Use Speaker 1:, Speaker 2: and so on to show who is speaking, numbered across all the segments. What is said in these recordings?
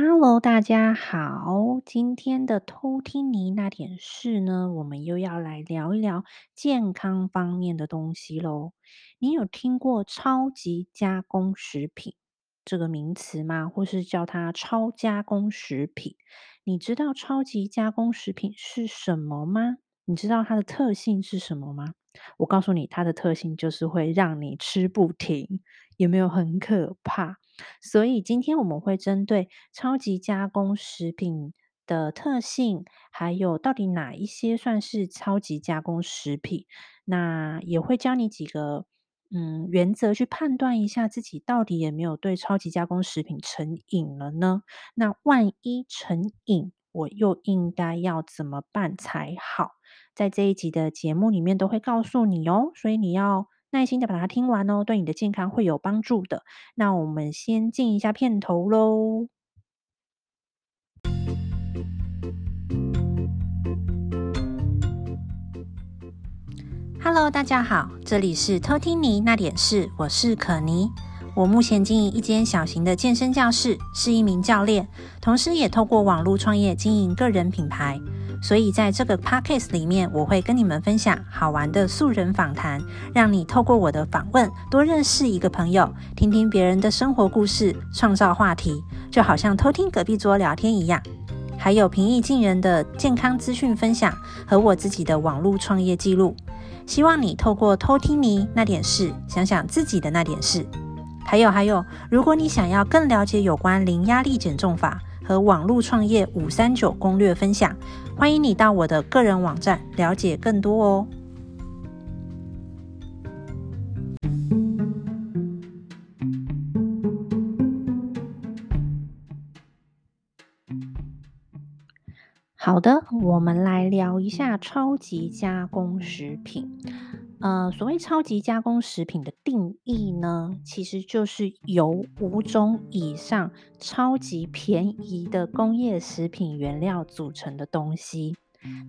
Speaker 1: 哈嘍，大家好。今天的偷聽妮那點事呢，我們又要來聊一聊健康方面的東西嘍。你有聽過“超級加工食品”這個名詞嗎？或是叫它“超加工食品”？你知道“超級加工食品”是什麼嗎？你知道它的特性是什麼嗎？我告訴你，它的特性就是會讓你吃不停，有沒有？很可怕。所以今天我們會針對超級加工食品的特性，還有到底哪一些算是超級加工食品，那也會教你幾個嗯原則去判斷一下自己到底有沒有對超級加工食品成癮了呢？那萬一成癮，我又應該要怎麼辦才好？在這一集的節目裡面都會告訴你哦，所以你要耐心的把它聽完哦，對你的健康會有幫助的。那我們先進一下片頭嘍。Hello，大家好，這裡是偷聽妮那點事，我是可妮。我目前經營一間小型的健身教室，是一名教練，同時也透過網絡創業經營個人品牌。所以，在這個 Podcast 裡面，我會跟你們分享好玩的素人訪談，讓你透過我的訪問多認識一個朋友，聽聽別人的生活故事，創造話題，就好像偷聽隔壁桌聊天一樣。還有平易近人的健康資訊分享和我自己的網絡創業記錄。希望你透過偷聽妮那點事，想想自己的那點事。還有還有，如果你想要更了解有關零壓力減重法。和網路創業五三九攻略分享，歡迎你到我的個人網站了解更多哦。好的，我們來聊一下超級加工食品。呃，所謂超級加工食品的定義呢，其實就是由五種以上超級便宜的工業食品原料組成的東西。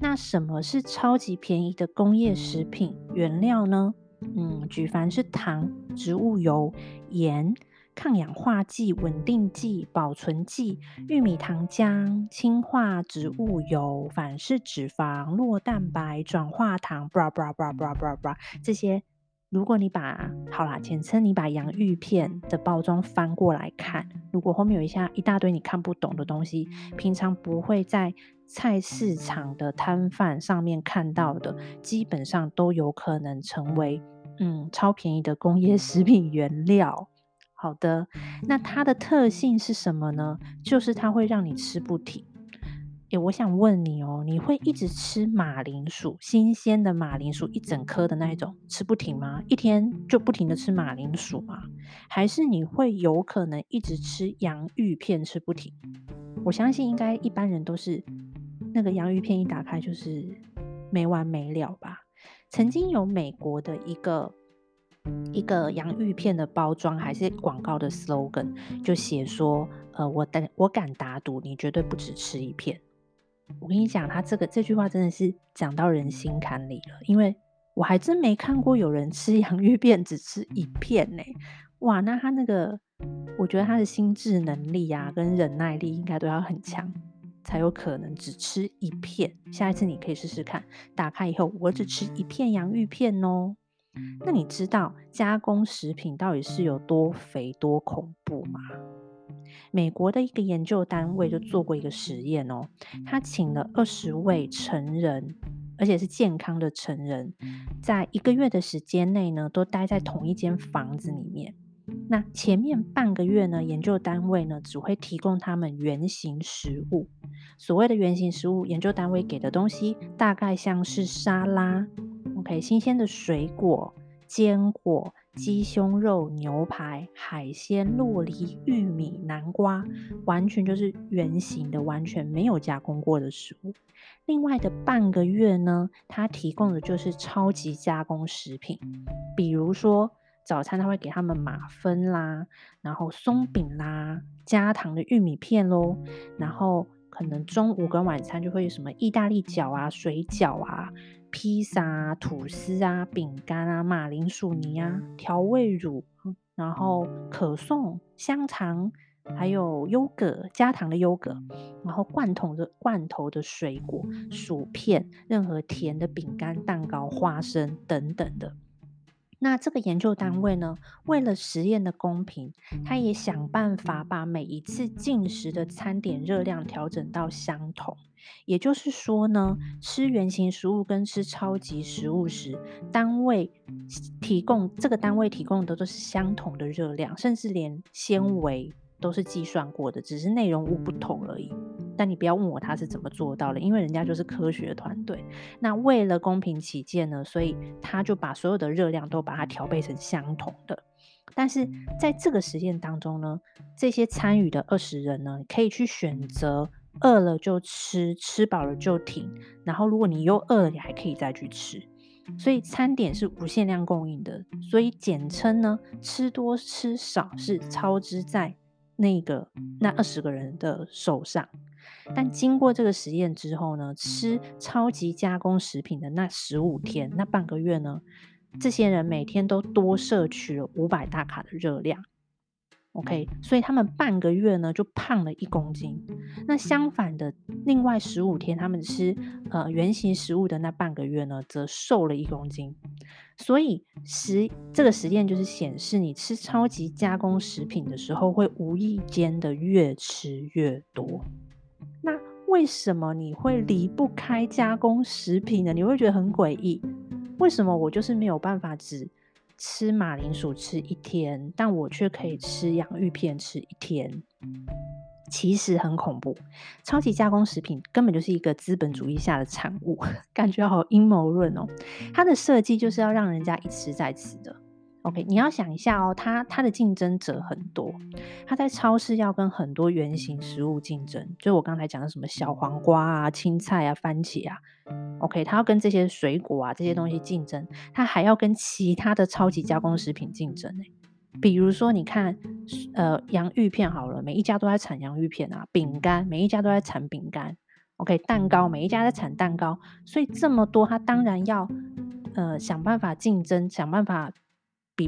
Speaker 1: 那什麼是超級便宜的工業食品原料呢？嗯，舉凡是糖、植物油、鹽。抗氧化劑、穩定劑、保存劑、玉米糖漿、氫化植物油、反式脂肪、酪蛋白、轉化糖，布拉布拉布拉布拉布拉布拉，這些，如果你把好啦，簡稱你把洋芋片的包裝翻過來看，如果後面有一下一大堆你看不懂的東西，平常不會在菜市場的攤販上面看到的，基本上都有可能成為嗯超便宜的工業食品原料。好的，那它的特性是什麼呢？就是它會讓你吃不停。誒，我想問你哦，你會一直吃馬鈴薯，新鮮的馬鈴薯一整顆的那種吃不停嗎？一天就不停的吃馬鈴薯嗎？還是你會有可能一直吃洋芋片吃不停？我相信應該一般人都是那個洋芋片一打開就是沒完沒了吧？曾經有美國的一個。一個洋芋片的包裝還是廣告，的 slogan，就寫說，呃，我等我敢打賭，你絕對不只吃一片。我跟你講，他這個這句話真的是講到人心坎裡了，因為我還真沒看過有人吃洋芋片只吃一片誒、欸，哇，那他那個，我覺得他的心智能力啊，跟忍耐力應該都要很強，才有可能只吃一片。下一次你可以試試看，打開以後我只吃一片洋芋片哦。那你知道加工食品到底是有多肥多恐怖嗎？美國的一個研究單位就做過一個實驗哦，他請了二十位成人，而且是健康的成人，在一個月的時間內呢，都待在同一間房子裡面。那前面半個月呢，研究單位呢只會提供他們原型食物，所謂的原型食物，研究單位給的東西大概像是沙拉。OK，新鮮的水果、堅果、雞胸肉、牛排、海鮮、酪梨、玉米、南瓜，完全就是原型的，完全沒有加工過的食物。另外的半個月呢，它提供的就是超級加工食品，比如說早餐它會給他們馬芬啦，然後鬆餅啦，加糖的玉米片嘍，然後。可能中午跟晚餐就會有什麼意大利餃啊、水餃啊、披薩啊、吐司啊、餅乾啊、馬鈴薯泥啊、調味乳，然後可頌、香腸，還有優格，加糖的優格，然後罐頭的罐頭的水果、薯片、任何甜的餅乾、蛋糕、花生等等的。那這個研究單位呢，為了實驗的公平，他也想辦法把每一次進食的餐點熱量調整到相同。也就是說呢，吃原型食物跟吃超級食物時，單位提供，這個單位提供的都是相同的熱量，甚至連纖維都是計算過的，只是內容物不同而已。但你不要問我他是怎麼做到的，因為人家就是科學的團隊。那為了公平起見呢，所以他就把所有的熱量都把它調配成相同的。但是在這個實驗當中呢，這些參與的二十人呢，可以去選擇餓了就吃，吃飽了就停。然後如果你又餓了，你還可以再去吃。所以餐點是無限量供應的。所以簡稱呢，吃多吃少是操之在那個那二十個人的手上。但經過這個實驗之後呢，吃超級加工食品的那十五天那半個月呢，這些人每天都多攝取了五百大卡的熱量。OK，所以他們半個月呢就胖了一公斤。那相反的，另外十五天他們吃呃原型食物的那半個月呢，則瘦了一公斤。所以實這個實驗就是顯示，你吃超級加工食品的時候，會無意間的越吃越多。為什麼你會離不開加工食品呢？你會覺得很詭異，為什麼我就是沒有辦法只吃馬鈴薯吃一天，但我卻可以吃洋芋片吃一天？其實很恐怖，超級加工食品根本就是一個資本主義下的產物，感覺好陰謀論哦。它的設計就是要讓人家一吃再吃的。OK，你要想一下哦，它它的競爭者很多，它在超市要跟很多原型食物競爭，就我剛才講的什麼小黃瓜啊、青菜啊、番茄啊，OK，它要跟這些水果啊這些東西競爭，它還要跟其他的超級加工食品競爭呢，比如說你看，呃，洋芋片好了，每一家都在產洋芋片啊，餅乾每一家都在產餅乾，OK，蛋糕每一家在產蛋糕，所以這麼多，它當然要呃想辦法競爭，想辦法。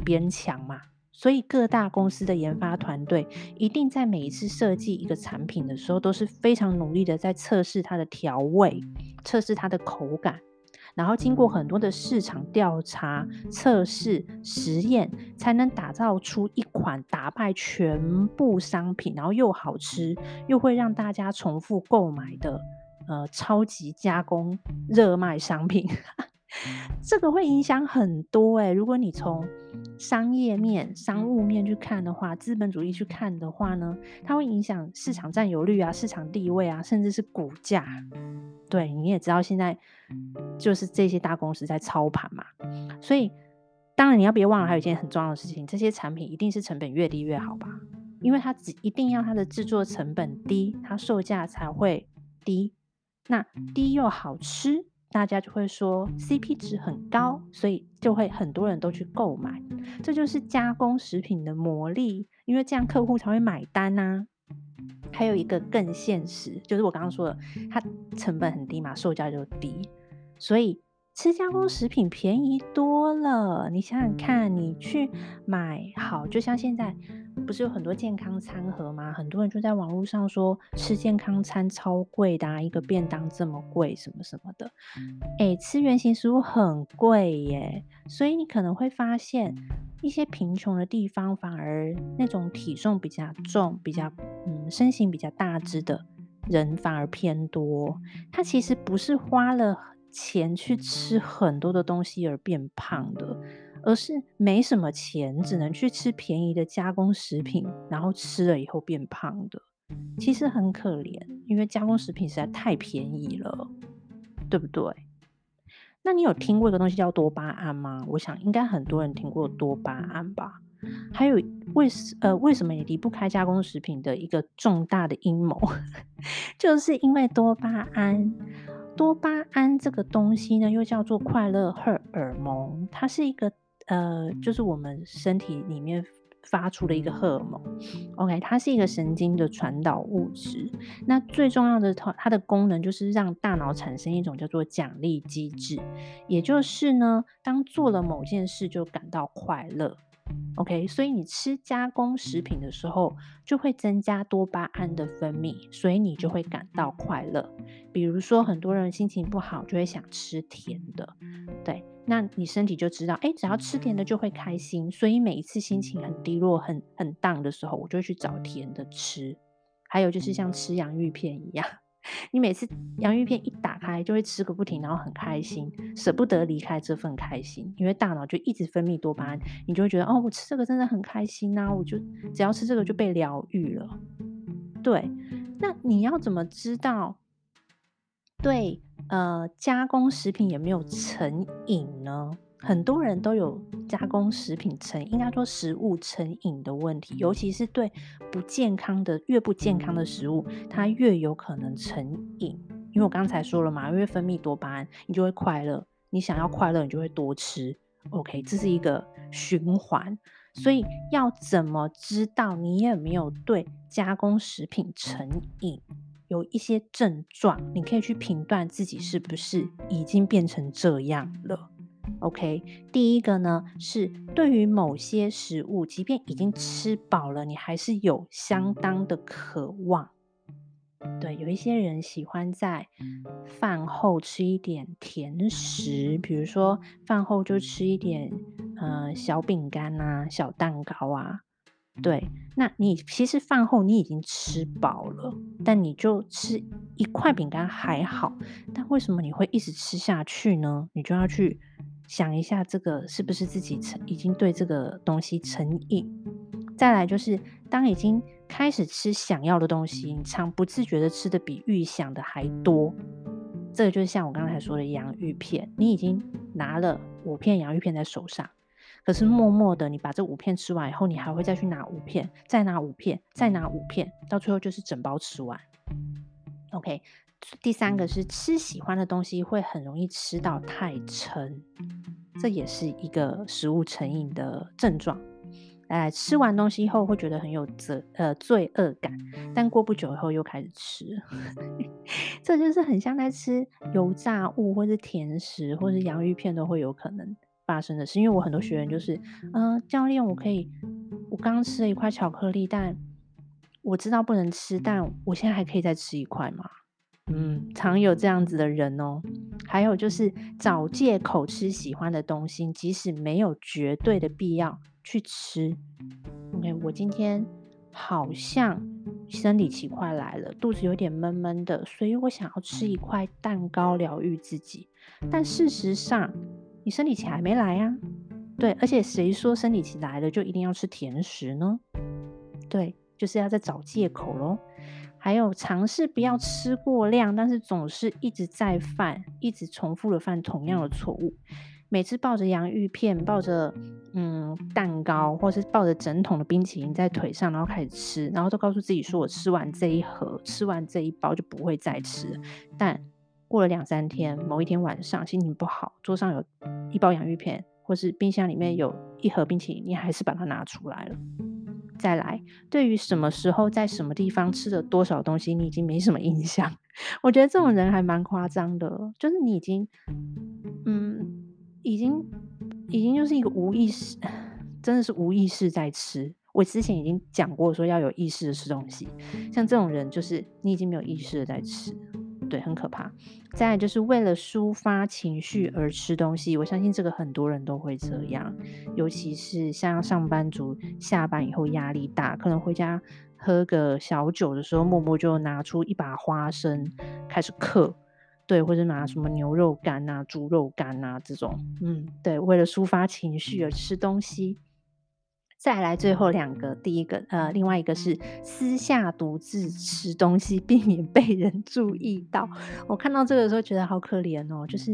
Speaker 1: 比別人強嘛，所以各大公司的研發團隊一定在每一次設計一個產品的時候，都是非常努力的在測試它的調味，測試它的口感，然後經過很多的市場調查、測試、實驗，才能打造出一款打敗全部商品，然後又好吃又會讓大家重複購買的，呃，超級加工熱賣商品。這個會影響很多誒、欸，如果你從商業面、商務面去看的話，資本主義去看的話呢，它會影響市場占有率啊、市場地位啊，甚至是股價。對，你也知道現在就是這些大公司在操盤嘛，所以當然你要別忘了還有一件很重要的事情，這些產品一定是成本越低越好吧，因為它只一定要它的制作成本低，它售價才會低，那低又好吃。大家就會說 CP 值很高，所以就會很多人都去購買，這就是加工食品的魔力，因為這樣客戶才會買單吶、啊。還有一個更現實，就是我剛剛說的，它成本很低嘛，售價就低，所以吃加工食品便宜多了。你想想看，你去買好，就像現在。不是有很多健康餐盒嗎？很多人就在網絡上說吃健康餐超貴的、啊，一個便當這麼貴，什麼什麼的。誒、欸，吃原型食物很貴耶，所以你可能會發現，一些貧窮的地方反而那種體重比較重、比較嗯身形比較大隻的人反而偏多。他其實不是花了錢去吃很多的東西而變胖的。而是沒什麼錢，只能去吃便宜的加工食品，然後吃了以後變胖的，其實很可憐，因為加工食品實在太便宜了，對不對？那你有聽過一個東西叫多巴胺嗎？我想應該很多人聽過多巴胺吧。還有為什呃為什麼你離不開加工食品的一個重大的陰謀， 就是因為多巴胺。多巴胺這個東西呢，又叫做快樂荷爾蒙，它是一個。呃，就是我們身體裡面發出的一個荷爾蒙，OK，它是一個神經的傳導物質。那最重要的它它的功能就是讓大腦產生一種叫做獎勵機制，也就是呢，當做了某件事就感到快樂。OK，所以你吃加工食品的時候，就會增加多巴胺的分泌，所以你就會感到快樂。比如說，很多人心情不好就會想吃甜的，對，那你身體就知道，哎，只要吃甜的就會開心。所以每一次心情很低落、很很 down 的時候，我就會去找甜的吃。還有就是像吃洋芋片一樣。 你每次洋芋片一打開就會吃個不停，然後很開心，舍不得離開這份開心，因為大腦就一直分泌多巴胺，你就會覺得哦，我吃這個真的很開心吶、啊，我就只要吃這個就被療癒了。對，那你要怎麼知道對呃加工食品有沒有成癮呢？很多人都有加工食品成，應該說食物成癮的問題，尤其是對不健康的，越不健康的食物，它越有可能成癮。因為我剛才說了嘛，因為分泌多巴胺，你就會快樂，你想要快樂，你就會多吃。OK，這是一個循環。所以要怎麼知道你有沒有對加工食品成癮？有一些症狀，你可以去評斷自己是不是已經變成這樣了。OK，第一個呢，是對於某些食物，即便已經吃飽了，你還是有相當的渴望。對，有一些人喜歡在飯後吃一點甜食，比如說飯後就吃一點呃小餅乾啊、小蛋糕啊。對，那你其實飯後你已經吃飽了，但你就吃一塊餅乾還好，但為什麼你會一直吃下去呢？你就要去。想一下，這個是不是自己成已經對這個東西成癮？再來就是，當已經開始吃想要的東西，你常不自覺的吃的比預想的還多。這個就是像我剛才說的洋芋片，你已經拿了五片洋芋片在手上，可是默默的你把這五片吃完以後，你還會再去拿五片，再拿五片，再拿五片，到最後就是整包吃完。OK。第三個是吃喜歡的東西會很容易吃到太撐，這也是一個食物成癮的症狀。哎、呃，吃完東西以後會覺得很有罪呃罪惡感，但過不久以後又開始吃， 這就是很像在吃油炸物或者甜食或者洋芋片都會有可能發生的事。因為我很多學員就是，嗯、呃，教練我可以，我剛吃了一塊巧克力，但我知道不能吃，但我現在還可以再吃一塊嘛。嗯，常有這樣子的人哦、喔。還有就是找借口吃喜歡的東西，即使沒有絕對的必要去吃。OK，我今天好像生理期快來了，肚子有點悶悶的，所以我想要吃一塊蛋糕療癒自己。但事實上，你生理期還沒來啊。對，而且誰說生理期來了就一定要吃甜食呢？對，就是要再找借口嘍。還有嘗試不要吃過量，但是總是一直在犯，一直重複的犯同樣的錯誤。每次抱着洋芋片，抱着嗯蛋糕，或是抱着整桶的冰淇淋在腿上，然後開始吃，然後都告訴自己說：“我吃完這一盒，吃完這一包就不會再吃。”但過了兩三天，某一天晚上心情不好，桌上有一包洋芋片，或是冰箱裡面有一盒冰淇淋，你還是把它拿出來了。再來，對於什麼時候在什麼地方吃了多少東西，你已經沒什麼印象。我覺得這種人還蠻誇張的，就是你已經，嗯，已經，已經就是一個無意識，真的是無意識在吃。我之前已經講過，說要有意識的吃東西，像這種人，就是你已經沒有意識的在吃。對，很可怕。再來就是為了抒發情緒而吃東西，我相信這個很多人都會這樣，尤其是像上班族，下班以後壓力大，可能回家喝個小酒的時候，默默就拿出一把花生開始嗑，對，或者拿什麼牛肉乾啊、豬肉乾啊這種，嗯，對，為了抒發情緒而吃東西。再來最後兩個，第一個呃，另外一個是私下獨自吃東西，避免被人注意到。我看到這個的時候，覺得好可憐哦。就是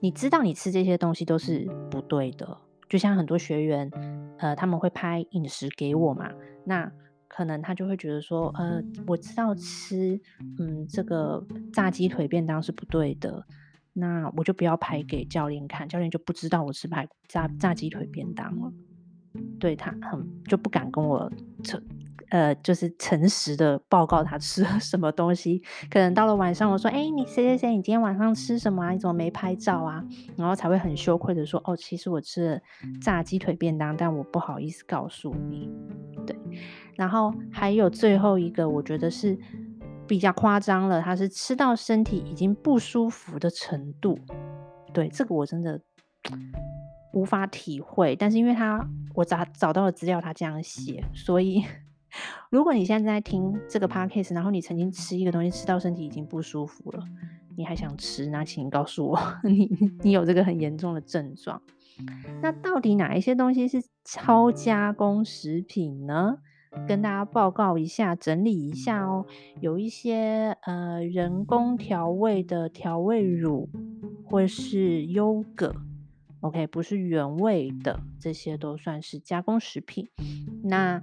Speaker 1: 你知道你吃這些東西都是不對的，就像很多學員呃，他們會拍飲食給我嘛，那可能他就會覺得說，呃，我知道吃嗯這個炸雞腿便當是不對的，那我就不要拍給教練看，教練就不知道我吃排炸炸雞腿便當了。對，他很就不敢跟我誠，呃，就是誠實的報告他吃了什麼東西。可能到了晚上，我說，哎、欸，你誰誰誰，你今天晚上吃什麼啊？你怎麼沒拍照啊？然後才會很羞愧的說，哦，其實我吃了炸雞腿便當，但我不好意思告訴你。對，然後還有最後一個，我覺得是比較誇張了，他是吃到身體已經不舒服的程度。對，這個我真的。無法體會，但是因為他我找找到了資料，他這樣寫，所以如果你現在在聽這個 podcast，然後你曾經吃一個東西吃到身體已經不舒服了，你還想吃，那請你告訴我，你你有這個很嚴重的症狀。那到底哪一些東西是超加工食品呢？跟大家報告一下，整理一下哦，有一些呃人工調味的調味乳或是優格。OK，不是原味的，這些都算是加工食品。那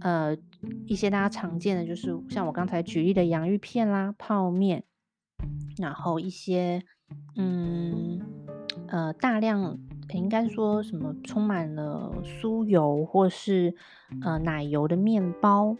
Speaker 1: 呃，一些大家常見的就是像我剛才舉例的洋芋片啦、泡麵，然後一些嗯呃大量應該說什麼充滿了酥油或是呃奶油的麵包。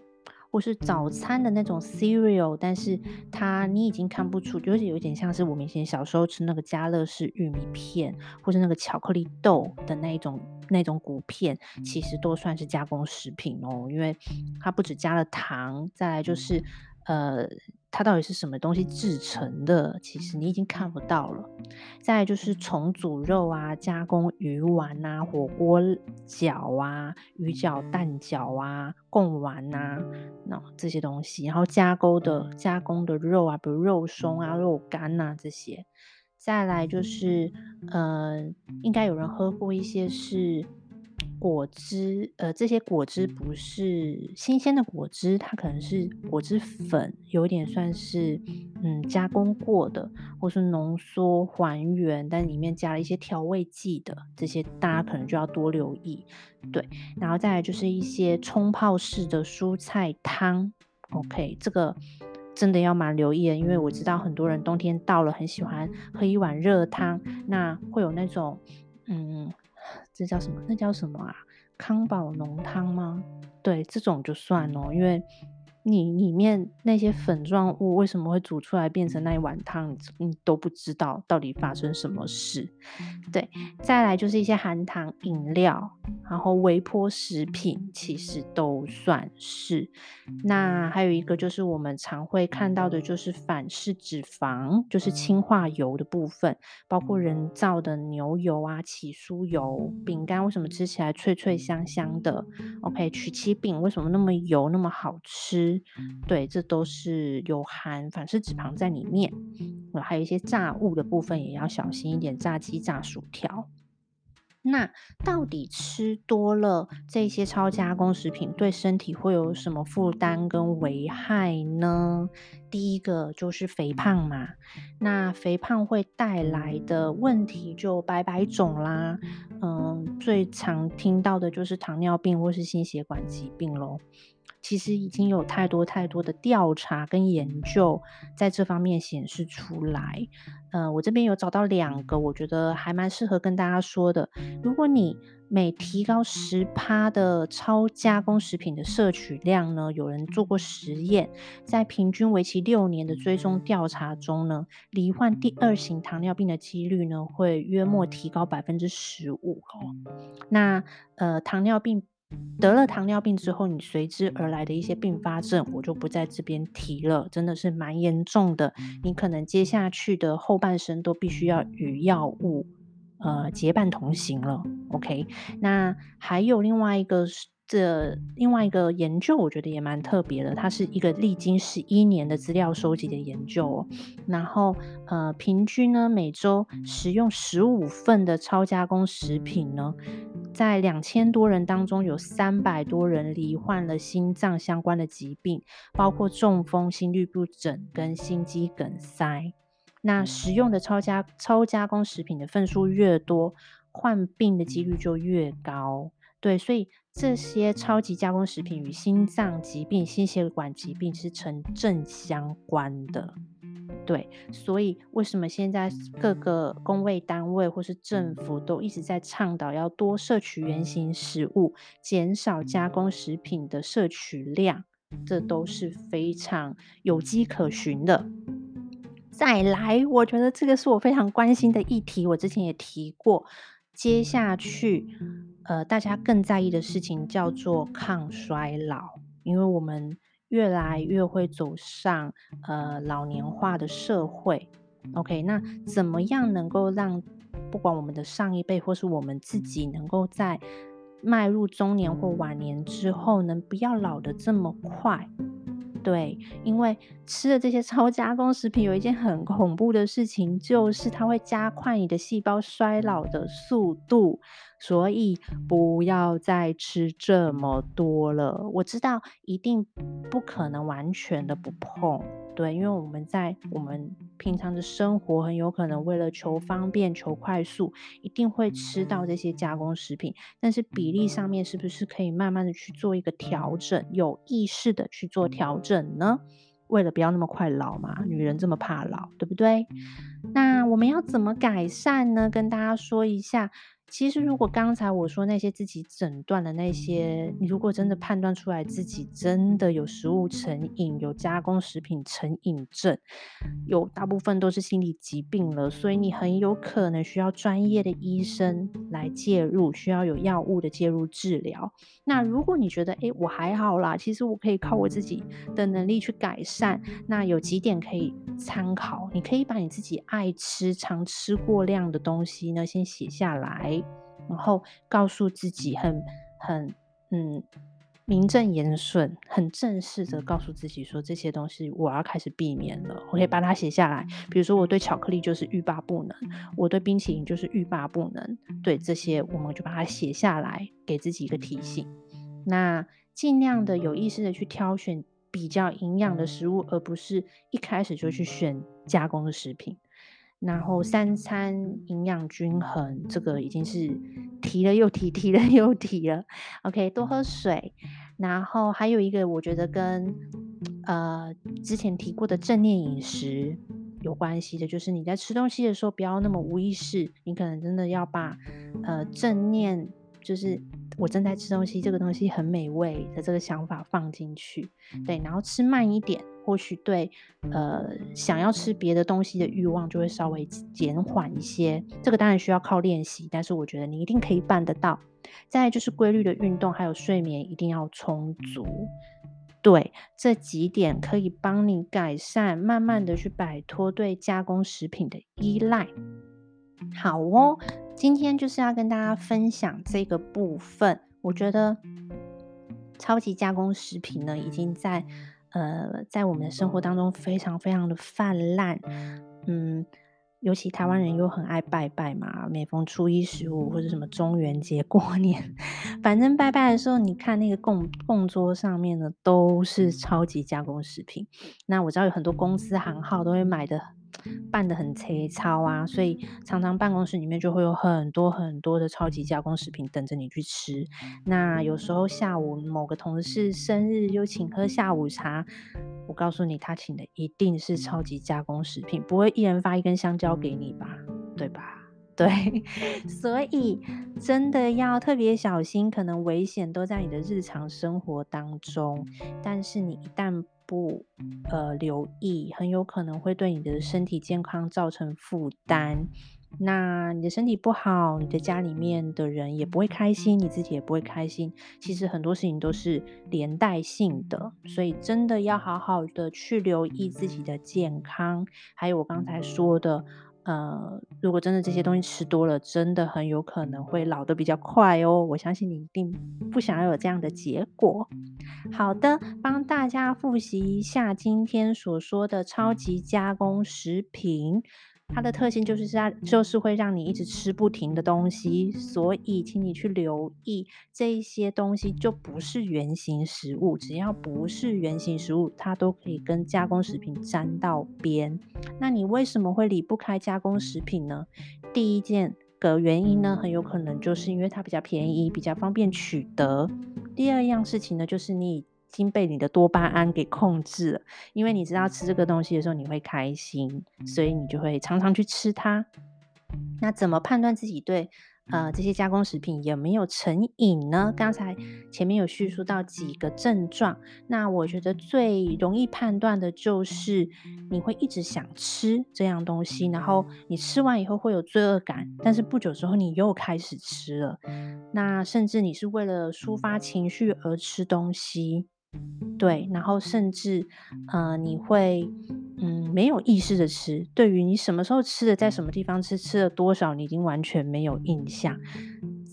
Speaker 1: 或是早餐的那種 cereal，但是它你已經看不出，尤其有點像是我們以前小時候吃那個家樂氏玉米片，或是那個巧克力豆的那一種那一種穀片，其實都算是加工食品哦，因為它不只加了糖，再來就是呃。它到底是什麼東西製成的？其實你已經看不到了。再來就是重組肉啊、加工魚丸啊、火鍋餃啊、魚餃、蛋餃啊、貢丸啊，那這些東西，然後加工的加工的肉啊，比如肉鬆啊、肉乾啊這些。再來就是，嗯、呃，應該有人喝過一些是。果汁，呃，這些果汁不是新鮮的果汁，它可能是果汁粉，有點算是嗯加工過的，或是濃縮還原，但裡面加了一些調味劑的這些，大家可能就要多留意，對。然後再來就是一些沖泡式的蔬菜湯，OK，這個真的要蠻留意的，因為我知道很多人冬天到了很喜歡喝一碗熱湯，那會有那種嗯。這叫什麼？那叫什麼啊？康寶濃湯嗎？對，這種就算囉，因為。你裡面那些粉狀物為什麼會煮出來變成那一碗湯？你都不知道到底發生什麼事。對，再來就是一些含糖飲料，然後微波食品其實都算是。那還有一個就是我們常會看到的就是反式脂肪，就是氫化油的部分，包括人造的牛油啊、起酥油、餅乾為什麼吃起來脆脆香香的？OK，曲奇餅為什麼那麼油那麼好吃？對，這都是有含反式脂肪在裡面，還有一些炸物的部分也要小心一點，炸雞、炸薯條。那到底吃多了這些超加工食品，對身體會有什麼負擔跟危害呢？第一個就是肥胖嘛，那肥胖會帶來的問題就百百種啦，嗯，最常聽到的就是糖尿病或是心血管疾病咯。其實已經有太多太多的調查跟研究在這方面顯示出來。呃，我這邊有找到兩個，我覺得還蠻適合跟大家說的。如果你每提高十趴的超加工食品的攝取量呢，有人做過實驗，在平均為期六年的追蹤調查中呢，罹患第二型糖尿病的幾率呢會約莫提高百分之十五。哦，那呃，糖尿病。得了糖尿病之後，你隨之而來的一些併發症，我就不在這邊提了，真的是蠻嚴重的。你可能接下去的後半生都必須要與藥物，呃，結伴同行了。OK，那還有另外一個這另外一個研究，我覺得也蠻特別的，它是一個歷經十一年的資料收集的研究哦，然後呃，平均呢每周使用十五份的超加工食品呢。在兩千多人當中，有三百多人罹患了心臟相關的疾病，包括中風、心律不整跟心肌梗塞。那食用的超加超加工食品的份數越多，患病的幾率就越高。對，所以。這些超級加工食品與心臟疾病、心血管疾病是成正相關的，對，所以為什麼現在各個公衛單位或是政府都一直在倡導要多攝取原型食物，減少加工食品的攝取量？這都是非常有跡可循的。再來，我覺得這個是我非常關心的議題，我之前也提過，接下去。呃，大家更在意的事情叫做抗衰老，因為我們越來越會走上呃老年化的社會。OK，那怎麼樣能夠讓不管我們的上一輩或是我們自己，能夠在邁入中年或晚年之後，能不要老得這麼快？對，因為吃的這些超加工食品，有一件很恐怖的事情，就是它會加快你的細胞衰老的速度。所以不要再吃這麼多了。我知道一定不可能完全的不碰，對，因為我們在我們平常的生活，很有可能為了求方便、求快速，一定會吃到這些加工食品。但是比例上面是不是可以慢慢的去做一個調整，有意識的去做調整呢？為了不要那麼快老嘛，女人這麼怕老，對不對？那我們要怎麼改善呢？跟大家說一下。其實，如果剛才我說那些自己診斷的那些，你如果真的判斷出來自己真的有食物成癮、有加工食品成癮症，有大部分都是心理疾病了，所以你很有可能需要專業的醫生來介入，需要有藥物的介入治療。那如果你覺得，哎，我還好啦，其實我可以靠我自己的能力去改善。那有幾點可以參考，你可以把你自己愛吃、常吃過量的東西呢，先寫下來。然後告訴自己很很嗯，名正言順，很正式的告訴自己說，這些東西我要開始避免了。我可以把它寫下來，比如說我對巧克力就是欲罷不能，我對冰淇淋就是欲罷不能。對這些，我們就把它寫下來，給自己一個提醒。那儘量的有意識的去挑選比較營養的食物，而不是一開始就去選加工的食品。然後三餐營養均衡，這個已經是提了又提，提了又提了。OK，多喝水。然後還有一個，我覺得跟呃之前提過的正念飲食有關係的，就是你在吃東西的時候不要那麼無意識，你可能真的要把呃正念就是。我正在吃東西，這個東西很美味的這個想法放進去，對，然後吃慢一點，或許對，呃，想要吃別的東西的慾望就會稍微減緩一些。這個當然需要靠練習，但是我覺得你一定可以辦得到。再來就是規律的運動，還有睡眠一定要充足。對，這幾點可以幫你改善，慢慢的去擺脫對加工食品的依賴。好哦。今天就是要跟大家分享這個部分。我覺得超級加工食品呢，已經在呃，在我們的生活當中非常非常的氾濫。嗯，尤其台灣人又很愛拜拜嘛，每逢初一、十五或者什麼中元節、過年，反正拜拜的時候，你看那個供供桌上面呢，都是超級加工食品。那我知道有很多公司行號都會買的。辦得很粗糙啊，所以常常辦公室裡面就會有很多很多的超級加工食品等着你去吃。那有時候下午某個同事生日又請喝下午茶，我告訴你，他請的一定是超級加工食品，不會一人發一根香蕉給你吧？對吧？對， 所以真的要特別小心，可能危險都在你的日常生活當中。但是你一旦不，呃，留意很有可能會對你的身體健康造成負擔。那你的身體不好，你的家裡面的人也不會開心，你自己也不會開心。其實很多事情都是連帶性的，所以真的要好好的去留意自己的健康。還有我剛才說的。呃，如果真的這些東西吃多了，真的很有可能會老得比較快哦。我相信你一定不想要有這樣的結果。好的，幫大家複習一下今天所說的超級加工食品。它的特性就是它就是會讓你一直吃不停的東西，所以請你去留意，這一些東西就不是原型食物，只要不是原型食物，它都可以跟加工食品沾到邊。那你為什麼會離不開加工食品呢？第一件個原因呢，很有可能就是因為它比較便宜，比較方便取得。第二樣事情呢，就是你。已經被你的多巴胺給控制了，因為你知道吃這個東西的時候，你會開心，所以你就會常常去吃它。那怎麼判斷自己對呃這些加工食品有沒有成癮呢？剛才前面有敘述到幾個症狀，那我覺得最容易判斷的就是你會一直想吃這樣東西，然後你吃完以後會有罪惡感，但是不久之後你又開始吃了。那甚至你是為了抒發情緒而吃東西。對，然後甚至，呃，你會，嗯，沒有意識的吃，對於你什麼時候吃的，在什麼地方吃，吃了多少，你已經完全沒有印象。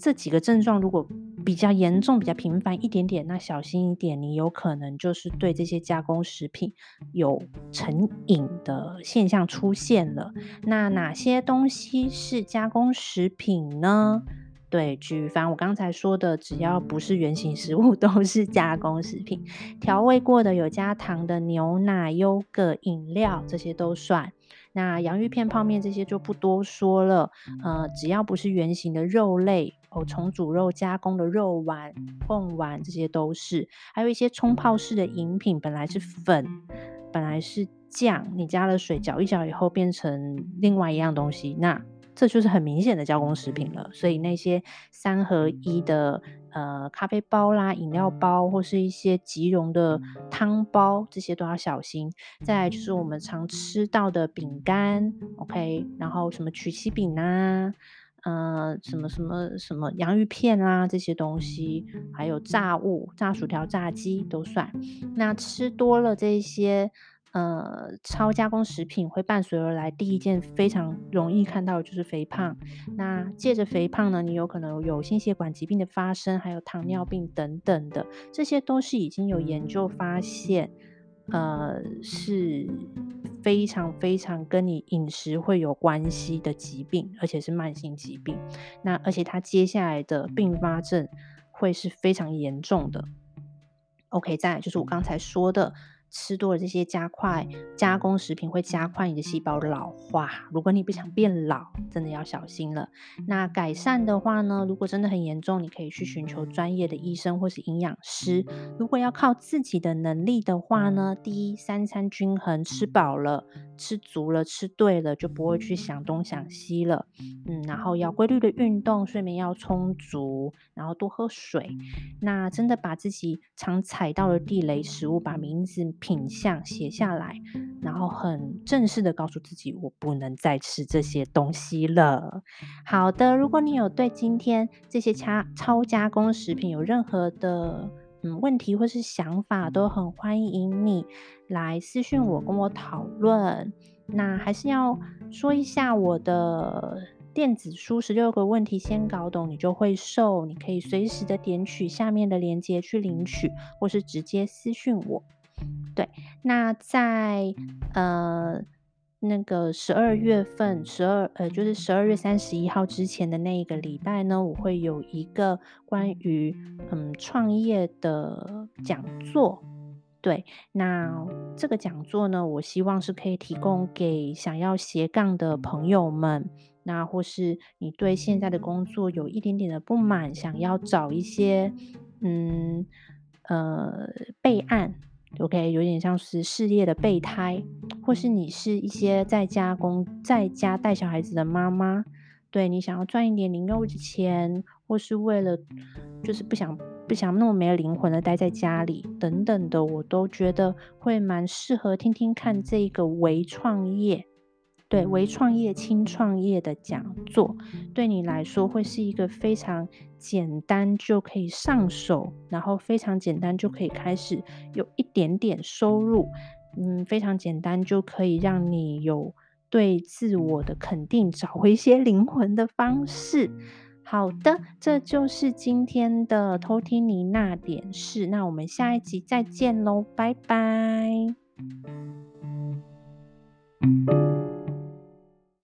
Speaker 1: 這幾個症狀如果比較嚴重、比較頻繁一點點，那小心一點，你有可能就是對這些加工食品有成癮的現象出現了。那哪些東西是加工食品呢？對，舉凡我剛才說的，只要不是原型食物，都是加工食品。調味過的、有加糖的牛奶、優格、飲料這些都算。那洋芋片、泡麵這些就不多說了。呃，只要不是原型的肉類，哦，重組肉加工的肉丸、貢丸這些都是。還有一些沖泡式的飲品，本來是粉，本來是醬，你加了水攪一攪以後變成另外一樣東西。那這就是很明顯的加工食品了，所以那些三合一的呃咖啡包啦、飲料包或是一些即溶的湯包，這些都要小心。再來就是我們常吃到的餅乾，OK，然後什麼曲奇餅啦、啊呃，什麼什麼什麼洋芋片啦、啊，這些東西，還有炸物、炸薯條、炸雞都算。那吃多了這些。呃，超加工食品會伴隨而來。第一件非常容易看到的就是肥胖。那借着肥胖呢，你有可能有心血管疾病的發生，還有糖尿病等等的，這些都是已經有研究發現，呃，是非常非常跟你飲食會有關係的疾病，而且是慢性疾病。那而且它接下來的併發症會是非常嚴重的。OK，再來就是我剛才說的。吃多了這些加快加工食品會加快你的細胞老化。如果你不想變老，真的要小心了。那改善的話呢？如果真的很嚴重，你可以去尋求專業的醫生或是營養師。如果要靠自己的能力的話呢？第一，三餐均衡，吃飽了，吃足了，吃對了，就不會去想東想西了。嗯，然後要規律的運動，睡眠要充足，然後多喝水。那真的把自己常踩到的地雷食物，把名字。品項寫下來，然後很正式的告訴自己，我不能再吃這些東西了。好的，如果你有對今天這些加超，超加工食品有任何的嗯問題或是想法，都很歡迎你來私訊我，跟我討論。那還是要說一下我的電子書《十六個問題先搞懂，你就會瘦》，你可以隨時的點取下面的鏈接去領取，或是直接私訊我。對，那在呃那個十二月份十二呃，就是十二月三十一號之前的那一個禮拜呢，我會有一個關於嗯創業的講座。對，那這個講座呢，我希望是可以提供給想要斜槓的朋友們，那或是你對現在的工作有一點點的不滿，想要找一些嗯呃備案。OK，有點像是事業的備胎，或是你是一些在家工、在家帶小孩子的媽媽，對你想要賺一點零用錢，或是為了就是不想不想那麼沒靈魂的待在家裡等等的，我都覺得會蠻適合聽聽看這個微創業。對，微創業、輕創業的講座，對你來說會是一個非常簡單就可以上手，然後非常簡單就可以開始有一點點收入，嗯，非常簡單就可以讓你有對自我的肯定，找回一些靈魂的方式。好的，這就是今天的偷聽妮那點事，那我們下一集再見嘍，拜拜。